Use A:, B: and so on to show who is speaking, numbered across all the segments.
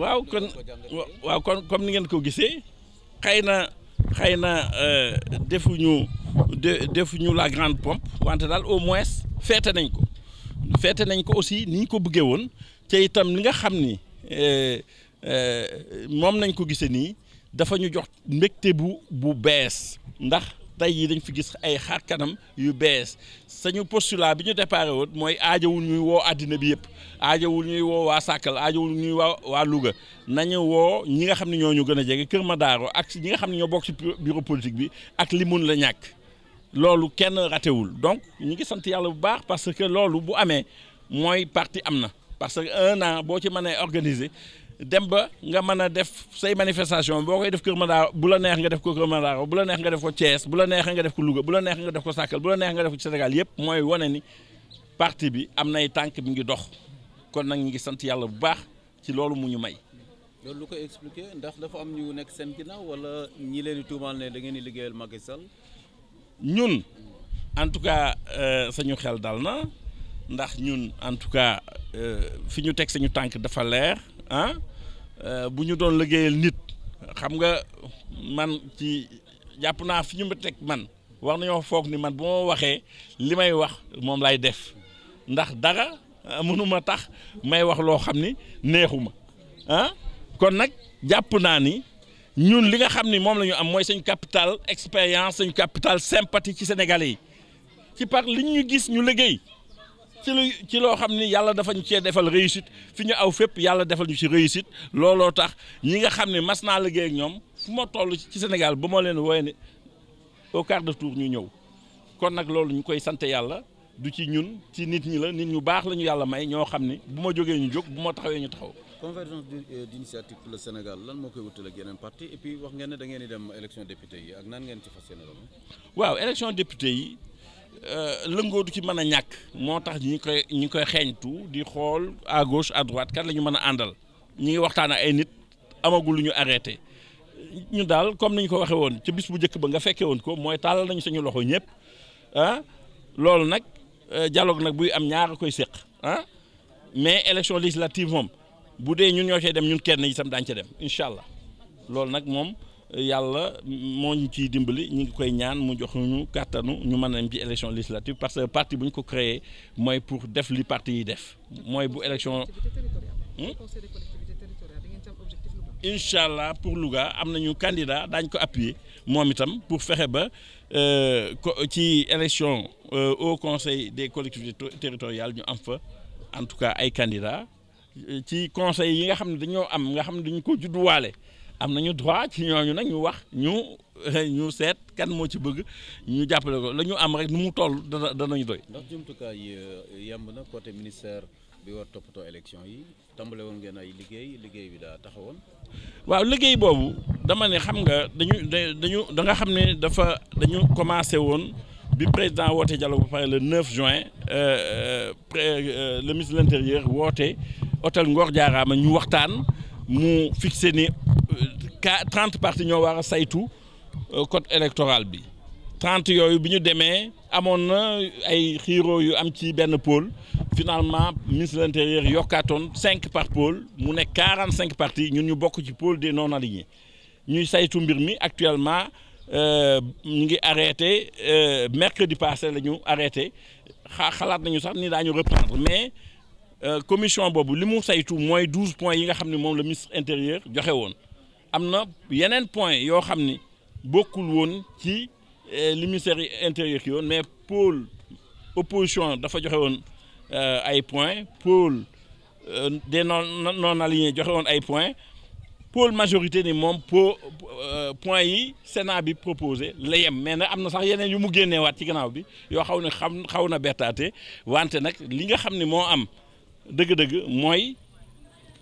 A: waaw kon waaw kon comme ni ngeen ko gisee xëy na xëy na euh, defuñu de defuñu la grande pompe wante daal au moins feete nañ ko feete nañ ko aussi ni ñu ko bëggee woon te itam li nga xam ni euh, euh, moom nañ ko gisee nii dafa ñu jox mbegte bu bu bees ndax. tey yi dañ fi gis ay xaar kanam yu bees sañu postulat bi ñu déparé woon mooy aajawul ñuy woo àddina bi yëpp aajawul ñuy woo waa Sakal aajawul ñuy waa waa Louga nañu woo ñi nga xam ne ñoo ñu gën a jege Kër Madaaro ak si ñi nga xam ne ñoo bokk ci bureau politique bi ak li mun la ñàkk loolu kenn ratewul donc ñu ngi sant yàlla bu baax parce que loolu bu amee mooy parti am na parce que un an boo ci mënee organiser. dem ba nga mën a def say manifestation boo koy def Kër Madaro bu la neex nga def ko Kër Madaro bu la neex nga def ko Thiès bu la neex nga def ko Louga bu la neex nga def ko Sakal bu la neex nga def ko Sénégal yëpp mooy wane ni parti bi am nay tànk bi ngi dox kon nag ñu ngi sant yàlla bu baax ci loolu mu ñu may. loolu lu koy expliqué ndax dafa am ñu nekk seen ginnaaw wala ñi leen di tuumaal ne da ngeen di liggéeyal Macky ñun en tout cas euh, sañu xel dal na ndax ñun en tout cas euh, fi ñu teg sañu tànk dafa leer Euh, bu ñu doon liggéeyal nit xam nga man ci jàpp naa fi ñu ma teg man wax nañoo foog ni man bu ma waxee li may wax moom lay def ndax dara euh, mënuma tax may wax loo xam ni neexuma ah kon nag jàpp naa ni ñun li nga xam ni moom lañu am mooy suñ capital expérience suñ capital sympathie ci Sénégalais yi ci par li ñu gis ñu liggéey ci lu loo xam ni yàlla dafa cee defal réussite fi ñu aw fépp yàlla defal ñu ci réussite looloo tax ñi nga xam ne mas naa liggéey ak ñoom fu ma toll ci Sénégal ba ma leen wooye ne au quart de tour ñu ñëw kon nag loolu ñu koy sant yàlla du ci ñun ci nit ñi la nit ñu baax la ñu yàlla may ñoo xam ni bu ma jógee ñu jóg bu ma taxawee ñu taxaw. convergence euh, d'initiative pour le Sénégal lan moo koy wutal ak yeneen parti et puis wax ngeen ne dangeen ngeen di dem élection député yi ak nan ngeen ci fas Euh, lëngoo du ci mën a ñàkk moo tax ñi koy ñi koy xeeñtu di xool à gauche à droite kan la ñu mën a àndal ñi ngi waxtaan a ay nit amagul lu ñu arrêté ñu daal comme ni ñu ko waxee woon ci bis bu njëkk ba nga fekkee woon ko mooy tàllal nañu sañu loxo ñëpp ah loolu nag euh, dialogue nag buy am ñaar koy séq ah mais élection législative moom bu dee ñun ñoo cay dem ñun kenn itam daañu ca dem incha allah loolu nag moom. yàlla moo ñu ciy dimbali ñu ngi koy ñaan mu jox ñu kàttanu ñu mën a dem ci élection législative parce que parti bu ñu ko créé mooy pour def li parti yi def mooy bu élection hmm? incha allah pour Louga am nañu candidat daañ ko appuyer moom itam pour fexe ba euh, ci élection euh, au conseil des collectivités territoriales ñu am fa en tout cas ay candidat ci conseil yi nga xam ne dañoo am nga xam ne dañu ko judduwaale am nañu droit ci ñooñu nag ñu wax ñu eh, ñu seet kan moo ci bëgg ñu jàppale ko la ñu am rek nu mu toll dana danañu doy. ndax jumtukaay yi eh, yemb na côté ministère bi war toppatoo élection yi tàmbale woon ngeen ay liggéey liggéey bi daa taxawoon. waaw liggéey boobu dama ne xam nga dañu dañu da nga xam ne dafa dañu commencé woon bi président woote jaloo ba pare le 9 juin eh, le ministre de l'intérieur woote hôtel Ngor Diarama ñu waxtaan mu fixé ni. ka trente partis ñoo war a saytu euh, code électoral bi trente yooyu bi ñu demee amoon na ay xiiroo yu am ci benn pole finalement ministre de l'intérieur yokkaatoon cinq par pôle mu nekk quarante cinq partis ñun ñu bokk ci pôle des non alignés ñuy saytu mbir mi actuellement euh, ñu ngi arrêté euh, mercredi passé la ñu arrêté xaa xalaat nañu sax ni daañu reprendre mais commission boobu li mu saytu mooy douze points yi nga xam ne moom la ministre intérieur joxe woon am na yeneen point yoo xam ni bokkul woon ci eh, li ministère intérieur ki woon mais pôle opposition dafa joxe woon eh, ay point pôle eh, des non non alignés joxe woon ay point pôle majorité ni moom po point yi Sénat bi proposer la yem mais nag am na sax yeneen yu mu génneewaat ci gannaaw bi yoo xaw ne xam xaw na bertaate wante nag li nga xam ni moo am dëgg-dëgg mooy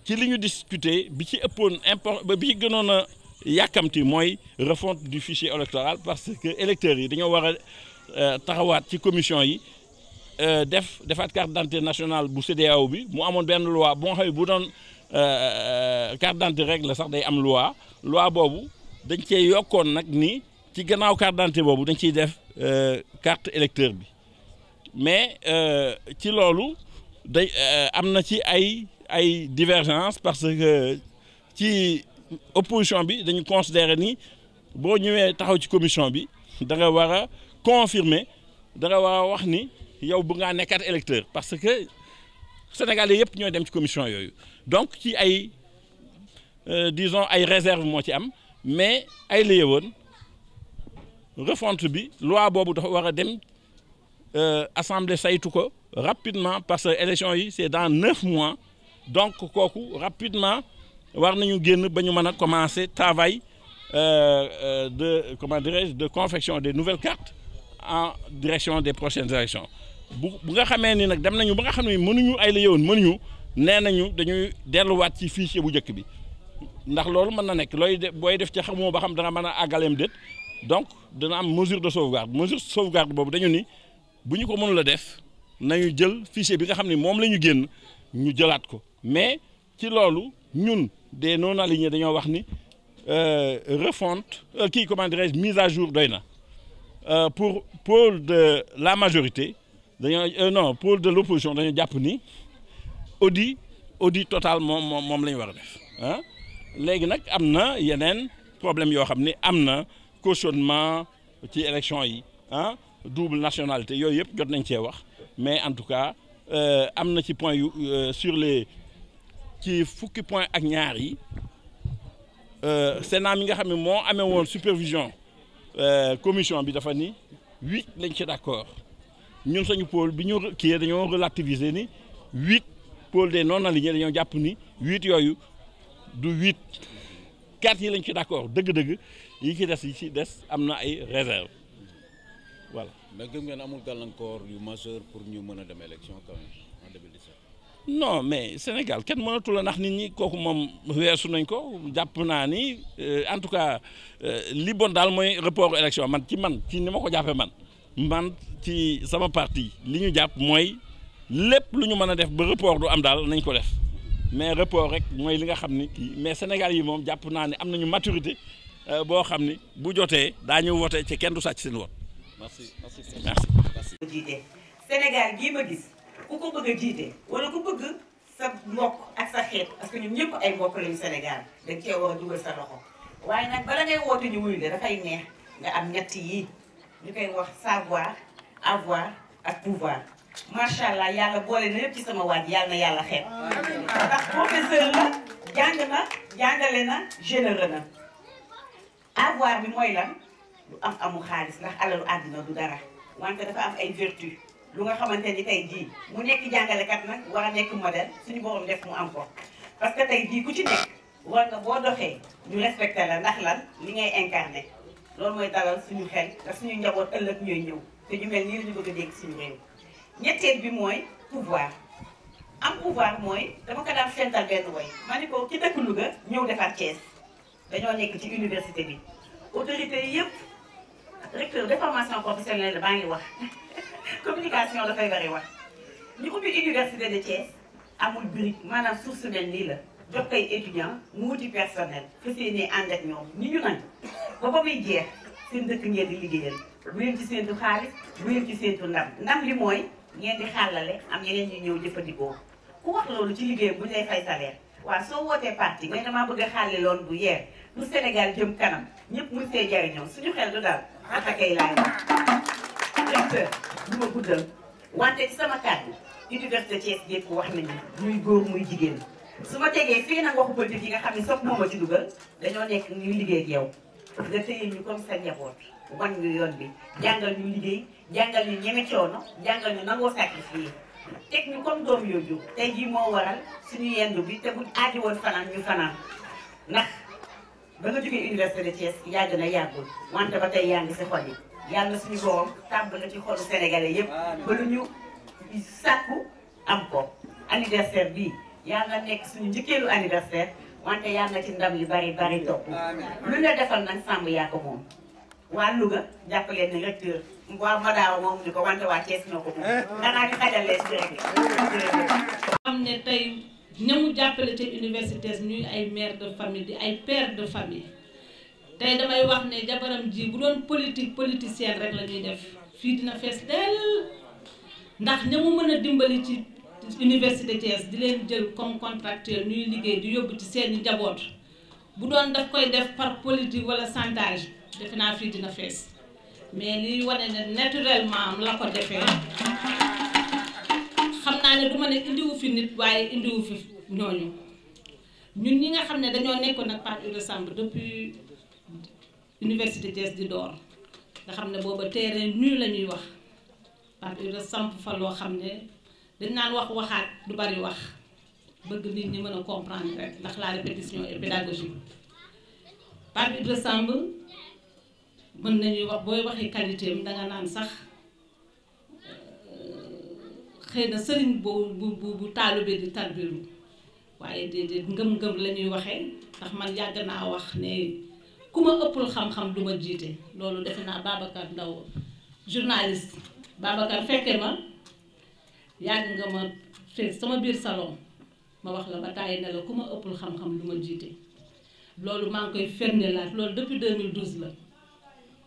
A: ci li ñu discuter bi ci ëppoon import bi ci gënoon a yàkkamti mooy refonte du fichier électoral parce que électeurs yi dañoo war a euh, taxawaat ci commission yi euh, def defaat carte d'identité nationale bu CEDEAO bi mu amoon benn loi bu nga xam ne bu doon euh, carte d'identité rek la sax day am loi loi boobu dañ cee yokkoon nag nii ci gannaaw carte d'identité boobu dañ ciy def carte électeur bi mais ci loolu day am na ci ay ay divergence parce que ci opposition bi dañu considérer ni boo ñëwee taxaw ci commission bi danga nga war a confirmer da war a wax ni yow bu ngaa nekkaat électeur parce que sénégalais yëpp ñoo dem ci commission yooyu donc ci ay euh, disons ay réserve moo ci am mais ay la woon refonte bi loi boobu dafa war a dem euh, assemblée saytu ko rapidement parce que élection yi c'est dans neuf mois donc kooku rapidement war nañu génn ba ñu mën a commencer travail euh, euh, de comment dirais-je de confection des nouvelles cartes en direction des prochaines élections bu bu nga xamee ni nag dem nañu ba nga xam ne mënuñu ay la yowoon mënuñu nee nañu dañuy delluwaat ci fichier bu njëkk bi ndax loolu mën na nekk looy def booy def ci xamoo ba xam dana mën a àggaleem déet donc dana am mesure de sauvegarde mesure de sauvegarde boobu dañu ni bu ñu ko mënul a def nañu jël fichier bi nga xam ne moom la ñu génn ñu jëlaat ko mais ci loolu ñun des non alignés dañoo wax ni euh, refonte euh, kii comment mise à jour doy na euh, pour pôle de la majorité dañoo non pôle de l'opposition dañoo jàpp ni audit audit total moom moom moom la ñu war a def ah léegi nag am na yeneen problème yoo xam ni am na cautionnement ci élection yi ah double nationalité yooyu yëpp jot nañ cee wax mais en tout cas am na ci point yu sur les ci fukki point ak ñaar yi euh, Sénat mi nga xam ne moo amee woon supervision euh, commission bi dafa ni huit lañ ci d'accord ñun sañu pôle bi ñu kii dañoo relativiser ni huit pôle des non alignés dañoo jàpp ni huit yooyu du huit quatre yi lañ ci d'accord dëgg-dëgg yi ci des yi ci des am na ay réserve voilà. mais gëm ngeen amul gàllankoor yu majeur pour ñu mën a dem élection quand non mais Sénégal kenn mënatul la nax nit ñi kooku moom weesu nañ ko jàpp naa ni en tout cas li bon daal mooy report élection man ci man ci ni ma ko jàppee man man ci sama partie li ñu jàpp mooy lépp lu ñu mën a def ba report du am daal nañ ko def mais report rek mooy li nga xam ni mais Sénégal yi moom jàpp naa ni am na ñu maturité boo xam ni bu jotee daa daañu wote ci kenn du sàcc seen woon
B: ku ko bëgg a jiite wala ku bëgg sa mbokk ak sa xeet parce que ñun ñëpp ay mbokk lañu Sénégal dañ cee war a sa loxo waaye nag bala ngay woote ñu wuyu la dafay neex nga am ñett yi ñu koy wax savoir avoir ak pouvoir macha allah yàlla boole na yëpp ci sama waaj yàlla yàlla xeet ndax professeur la jàng na jàngale na généreux na avoir bi mooy lan lu am amul xaalis ndax alalu àdduna du dara wante dafa am ay vertu lu nga xamante ni tey jii mu nekk jàngalekat nag war a nekk modèle suñu borom def mu am ko parce que tey jii ku ci nekk war nga boo doxee ñu respecté la ndax lan li ngay incarné loolu mooy dalal suñu xel te suñu njaboot ëllëg ñooy ñëw te ñu mel nii ñu bëgg a dégg suñu réew ñetteel bi mooy pouvoir am pouvoir mooy dama ko daan fental benn woy ma ni ko ci dëkk Louga ñëw defar Thiès dañoo nekk ci université bi autorité yëpp recteur de formation professionnelle baa ngi wax communication la dafay bari wax ñu ubbi université de Thiès amul brique maanaam source mel nii la jot koy étudiant mu wuti personnel fas yéenee ànd ak ñoom ni ñu nañ ba ba muy jeex seen dëkk ngeen di liggéeyal bu leen ci seentu xaalis bu leen ci seentu ndam ndam li mooy ngeen di xàllale am yeneen ñu ñëw jëfandikoo ku wax loolu ci liggéeyam bu ñu lay fay salaire waaw soo wootee parti mais damaa bëgg a xàlle loon bu yeer bu Sénégal jëm kanam ñëpp mun see jariñoo suñu directeur du ma guddal wante sama kàddu université Thiès yëpp wax nañu muy góor muy jigéen su ma tegee fii nag waxu politique yi nga xam ne soog moo ma ci dañoo nekk ñuy liggéey ak yow nga téye ñu comme sa njaboot wan ñu yoon bi jàngal ñu liggéey jàngal ñu ñeme coono jàngal ñu nangoo sacrifié teg ñu comme doom yooyu tey jii moo waral suñu yendu bi te buñ aaji woon fanaan ñu fanaan ndax ba nga jógee université de Thiès yàgg na yàggul wante ba tey yaa ngi si xol yàlla suñu borom tàbb na ci xolu sénégalais yëpp ba lu ñu sàkku am ko anniversaire bii yàlla nekk suñu njëkkeelu anniversaire wante yàlla ci ndam yu bari bari topp lu ñu defal nag sàmm yaa ko moom waa Louga jàppale ni recteur waa Madaaw moom ni ko wante waa Thiès ko moom eh. danaa di xajalee si rek
C: xam ne tey jàppale ci université ñuy ay mère de famille di ay père de famille tey damay wax ne jabaram ji bu doon politique politicienne rek la ñuy def fii dina fees dell ndax ña mu mën a dimbali ci université Thiès di leen jël comme contractuel ñuy liggéey di yóbbu ci seeni njaboot bu doon daf koy def par politique wala chantage defe naa fii dina fees mais liy wane ne naturellement am la ko defee xam naa ne du ma ne indiwu fi nit waaye indiwu fi ñooñu ñun ñi nga xam ne dañoo nekkoon ak part de chambre depuis université Thiès di door nga xam ne booba terrain nu la ñuy wax Pape Ibra samp fa loo xam ne dañ naan wax waxaat du bari wax bëgg nit ñi mën a comprendre rek ndax la répétition et pédagogie Pape Ibra Samb mën nañuy wax booy waxee qualité am danga naan sax euh, xëy na sëriñ boobu bu bu bu taalube di tarbiru waaye déedéet ngëm-ngëm la ñuy waxee ndax man yàgg naa wax ne. ku ma ëppul xam-xam du ma jiite loolu defe naa Babacar Ndaw journaliste Babacar fekke ma yàgg nga ma sama biir salon ma wax la ba tàyyi ne ku ma ëppul xam-xam du ma jiite loolu maa ngi koy ferndelaat loolu depuis 2012 la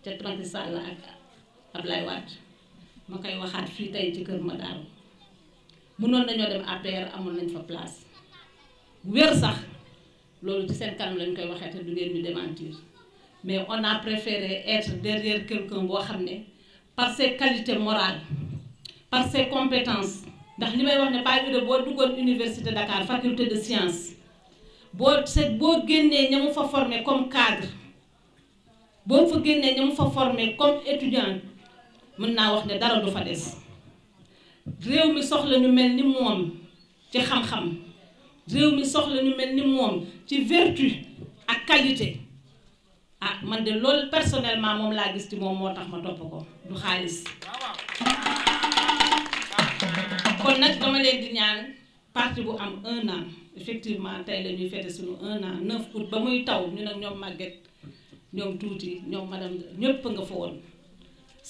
C: ca Macky Sall ak Ablaye Wade ma koy waxaat fii tey ci kër ma daaru mënoon nañoo dem APR amoon nañ fa place wér sax loolu ci seen kanam lañ koy waxee te du ngeen ñu démentir mais on a préféré être derrière quelqu'un boo xam ne par qualité qualités morales par ses compétences ndax li may wax ne Baye Oudé boo duggoon université Dakar faculté de sciences boo seet boo génnee ña fa formé comme cadre boo fa génnee ña mu fa formé comme étudiant mën naa wax ne dara du fa des réew mi soxla ñu mel ni moom ci xam-xam réew mi soxla ñu mel ni moom ci vertu ak qualité. ah man de loolu personnellement moom laa gis ci moom moo tax ma topp ko du xaalis kon nag dama leen di ñaan parti bu am un an effectivement tey la ñuy fête suñu un an 9 août ba muy taw ñu nag ñoom màgget ñoom tuuti ñoom madame ñëpp nga fa woon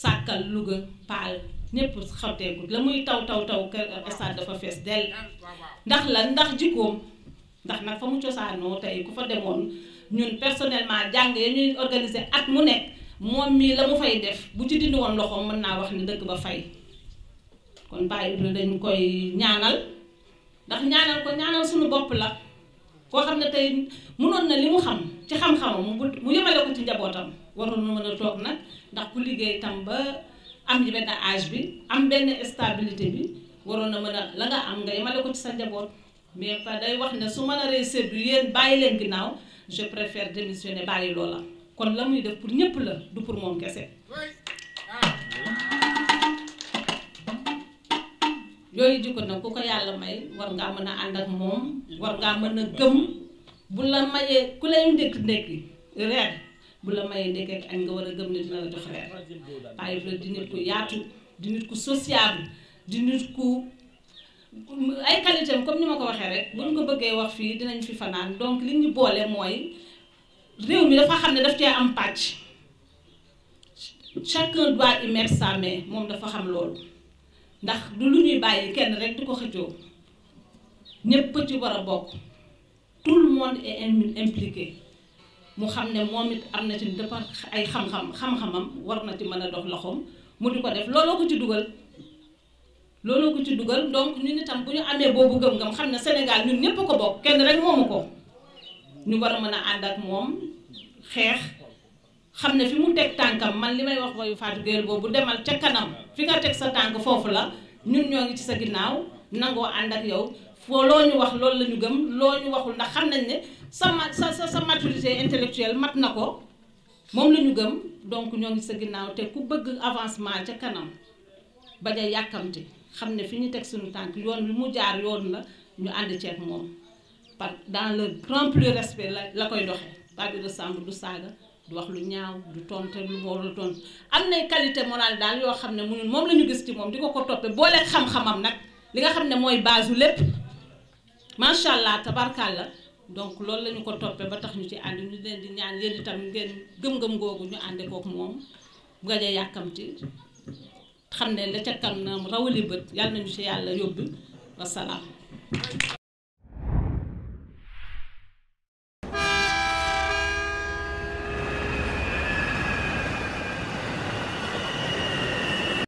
C: sàkkal Louga Paal ñëpp xawteeku la muy taw taw taw kër euh, stade dafa fees dell ndax la ndax jikkoom ndax nag fa mu cosaanoo tey ku fa demoon. ñun personnellement jàng ya ñuy organiser at mu nekk moom mii la mu fay def bu ci dindi woon loxoom mën naa wax ni dëkk ba fay kon bàyyi du dañ koy ñaanal ndax ñaanal ko ñaanal suñu bopp la koo xam ne tey mënoon na li mu xam ci xam-xamam mu yemale ko ci njabootam waroon na mën a toog nag ndax ku liggéey tam ba am benn âge bi am benn stabilité bi waroon na mën a la nga am nga yemale ko ci sa njaboot mais pa day wax ne su mën a réussir du yéen bàyyi leen ginnaaw je préfère démissionner bàyyi loola kon la muy def pour ñëpp la du pour moom kese. yooyu jikko nag ku ko yàlla may war ngaa mën a ànd ak moom war ngaa mën a gëm bu la mayee ku lay ndékk ndékki reer bu la mayee ndékki ak añ nga war a gëm ne dina la jox reer waaye di nit ku yaatu di nit ku sociable di nit ku. ay qualité comme ni ma ko waxee rek buñ ko bëggee wax fii dinañ fi fanaan donc li ñu boole mooy réew mi dafa xam ne daf cee am pàcc chaque doit y mettre moom dafa xam loolu ndax du lu ñuy bàyyi kenn rek di ko xëccoo ñépp ci war a bokk tout le monde est impliqué mu xam ne moom it am na ci dafa ay xam-xam xam-xamam war na ci mën a dox loxoom mu di ko def looloo ko ci dugal looloo ko ci dugal donc ñu ñun itam bu ñu amee boobu gëm-gëm xam ne Sénégal ñun ñëpp ko bokk kenn rek moomu ko ñu war a mën a ànd ak moom xeex xam ne fi mu teg tànkam man li may wax wayu Fatou Gueye boobu demal ca kanam fi nga teg sa tànk foofu la ñun ñoo ngi ci sa ginnaaw nangoo ànd ak yow foo loo ñu wax loolu la ñu gëm loo ñu waxul ndax xam nañ ne sa ma sa sa maturité intellectuelle mat na ko moom la ñu gëm donc ñoo ngi sa ginnaaw te ku bëgg avancement ca kanam bañ a yàkkamti xam ne fi ñu teg suñu tànk yoon lu mu jaar yoon la ñu ànd ceeg moom par dans le grand plus respect la la koy doxee Pape Ibra Samb du saaga du wax lu ñaaw du tonte lu moo a tontu am nay qualité morale daal yoo xam ne munul moom la ñu gis ci moom di ko ko toppee boole xam-xamam nag li nga xam ne mooy base u lépp macha allah tabarkàlla donc loolu la ñu ko toppee ba tax ñu ci ànd ñu leen di ñaan yéen itam ngeen gëm-gëm googu ñu àndee kook moom bu gaja yàkkamti xam ne la ca kanam rawale bët yàlla nañu si yàlla yóbbu wasalaam